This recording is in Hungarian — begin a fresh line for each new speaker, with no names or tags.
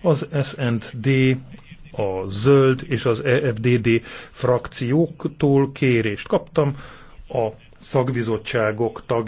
Az SND, a Zöld és az EFDD frakcióktól kérést kaptam a szakbizottságok
tagjának